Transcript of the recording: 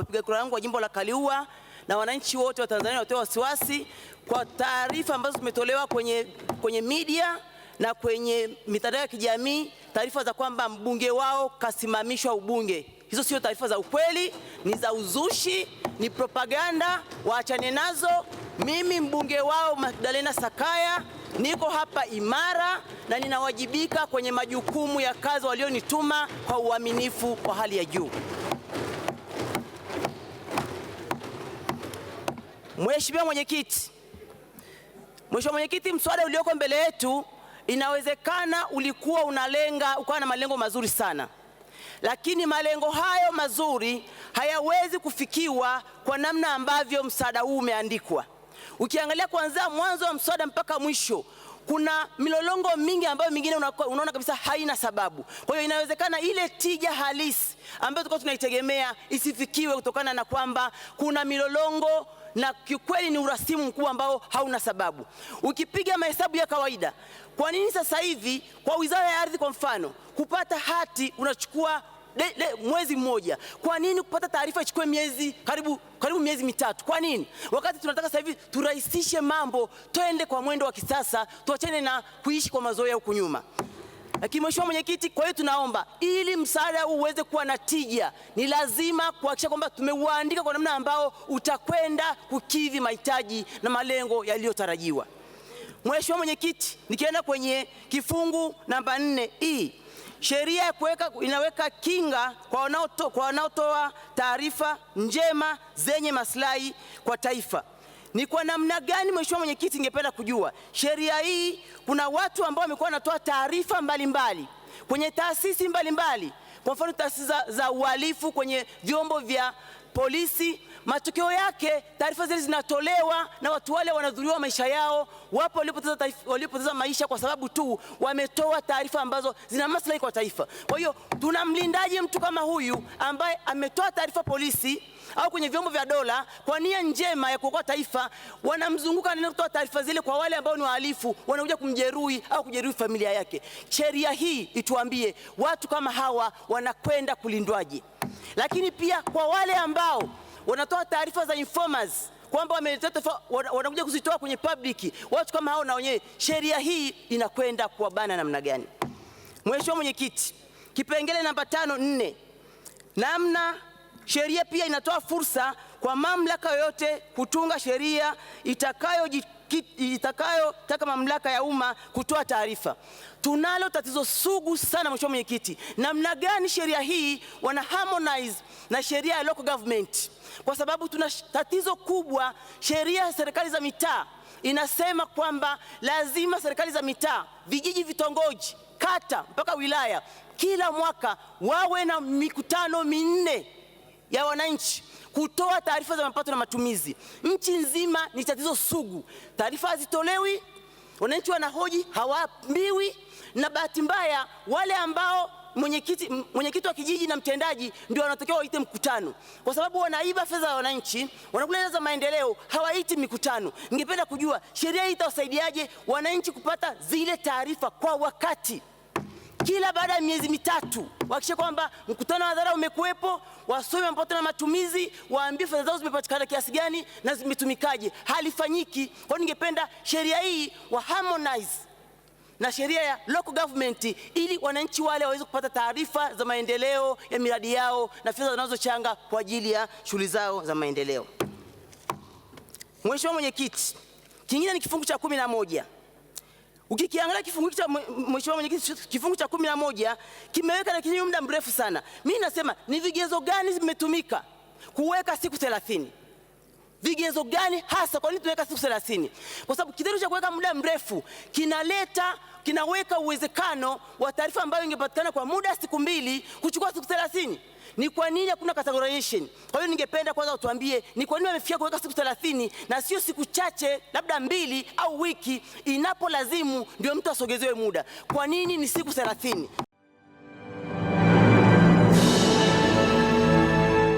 wapiga kura wangu wa jimbo la Kaliua na wananchi wote wa Tanzania watoe wasiwasi kwa taarifa ambazo zimetolewa kwenye, kwenye media na kwenye mitandao ya kijamii, taarifa za kwamba mbunge wao kasimamishwa ubunge. Hizo sio taarifa za ukweli, ni za uzushi, ni propaganda, waachane nazo. Mimi mbunge wao Magdalena Sakaya niko hapa imara na ninawajibika kwenye majukumu ya kazi walionituma kwa uaminifu wa hali ya juu. Mheshimiwa Mwenyekiti, Mheshimiwa Mwenyekiti, mswada ulioko mbele yetu inawezekana ulikuwa unalenga ukawa na malengo mazuri sana, lakini malengo hayo mazuri hayawezi kufikiwa kwa namna ambavyo mswada huu umeandikwa. Ukiangalia kuanzia mwanzo wa mswada mpaka mwisho kuna milolongo mingi ambayo mingine unaona kabisa haina sababu. Kwa hiyo inawezekana ile tija halisi ambayo tulikuwa tunaitegemea isifikiwe kutokana na kwamba kuna milolongo na kiukweli ni urasimu mkubwa ambao hauna sababu. Ukipiga mahesabu ya kawaida, kwa nini sasa hivi kwa wizara ya ardhi kwa mfano kupata hati unachukua de, de, mwezi mmoja? Kwa nini kupata taarifa ichukue miezi karibu, karibu miezi mitatu? Kwa nini wakati tunataka sasa hivi turahisishe mambo, twende kwa mwendo wa kisasa, tuachane na kuishi kwa mazoea huku nyuma. Lakini mheshimiwa mwenyekiti, kwa hiyo tunaomba ili msaada huu uweze kuwa na tija, ni lazima kuhakikisha kwamba tumeuandika kwa namna ambao utakwenda kukidhi mahitaji na malengo yaliyotarajiwa. Mheshimiwa mwenyekiti, nikienda kwenye kifungu namba nne i e, sheria ya kuweka inaweka kinga kwa wanaotoa taarifa njema zenye maslahi kwa taifa. Ni kwa namna gani, mheshimiwa mwenyekiti, ningependa kujua sheria hii, kuna watu ambao wamekuwa wanatoa taarifa mbalimbali kwenye taasisi mbalimbali mbali. Kwa mfano taasisi za, za uhalifu kwenye vyombo vya polisi. Matokeo yake taarifa zile zinatolewa na watu wale wanadhuriwa maisha yao, wapo waliopoteza maisha kwa sababu tu wametoa taarifa ambazo zina maslahi kwa taifa. Kwa hiyo tunamlindaje mtu kama huyu ambaye ametoa taarifa polisi au kwenye vyombo vya dola kwa nia njema ya kuokoa taifa, wanamzunguka na kutoa taarifa zile kwa wale ambao ni wahalifu, wanakuja kumjeruhi au kujeruhi familia yake. Sheria hii ituambie watu kama hawa wanakwenda kulindwaje? Lakini pia kwa wale ambao wanatoa taarifa za informers kwamba wametoa wanakuja kuzitoa kwenye public, watu kama hao na wenyewe sheria hii inakwenda kuwabana namna gani? Mheshimiwa Mwenyekiti, kipengele namba tano nne namna sheria pia inatoa fursa kwa mamlaka yoyote kutunga sheria itakayo itakayotaka mamlaka ya umma kutoa taarifa. Tunalo tatizo sugu sana, mheshimiwa mwenyekiti, namna gani sheria hii wana harmonize na sheria ya local government, kwa sababu tuna tatizo kubwa. Sheria ya serikali za mitaa inasema kwamba lazima serikali za mitaa, vijiji, vitongoji, kata mpaka wilaya, kila mwaka wawe na mikutano minne ya wananchi kutoa taarifa za mapato na matumizi nchi nzima ni tatizo sugu. Taarifa hazitolewi, wananchi wanahoji, hawaambiwi, na bahati mbaya wale ambao mwenyekiti mwenyekiti wa kijiji na mtendaji ndio wanatokea waite mkutano, kwa sababu wanaiba fedha za wananchi, wanakula hela za maendeleo, hawaiti mikutano. Ningependa kujua sheria hii itawasaidiaje wananchi kupata zile taarifa kwa wakati. Kila baada ya miezi mitatu wahakikishe kwamba mkutano wa hadhara umekuwepo, wasomi wamepata na matumizi, waambie fedha zao zimepatikana kiasi gani na zimetumikaje. Halifanyiki. Kwa hiyo ningependa sheria hii wa harmonize na sheria ya local government ili wananchi wale waweze kupata taarifa za maendeleo ya miradi yao na fedha zinazochanga kwa ajili ya shughuli zao za maendeleo. Mheshimiwa Mwenyekiti, kingine ni kifungu cha kumi na moja. Ukikiangalia kifungu cha mheshimiwa mwenyekiti, kifungu cha kumi na moja kimeweka na kinyume muda mrefu sana. Mimi nasema ni vigezo gani vimetumika kuweka siku thelathini? Vigezo gani hasa? Kwa nini tunaweka siku 30? Kwa sababu kitendo cha kuweka muda mrefu kinaleta kinaweka uwezekano wa taarifa ambayo ingepatikana kwa muda siku mbili kuchukua siku 30. Ni kwa nini hakuna categorization? Kwa hiyo ningependa kwanza utuambie ni kwa nini wamefikia kuweka siku 30 na sio siku chache, labda mbili au wiki, inapolazimu ndio mtu asogezewe muda. Kwa nini ni siku 30?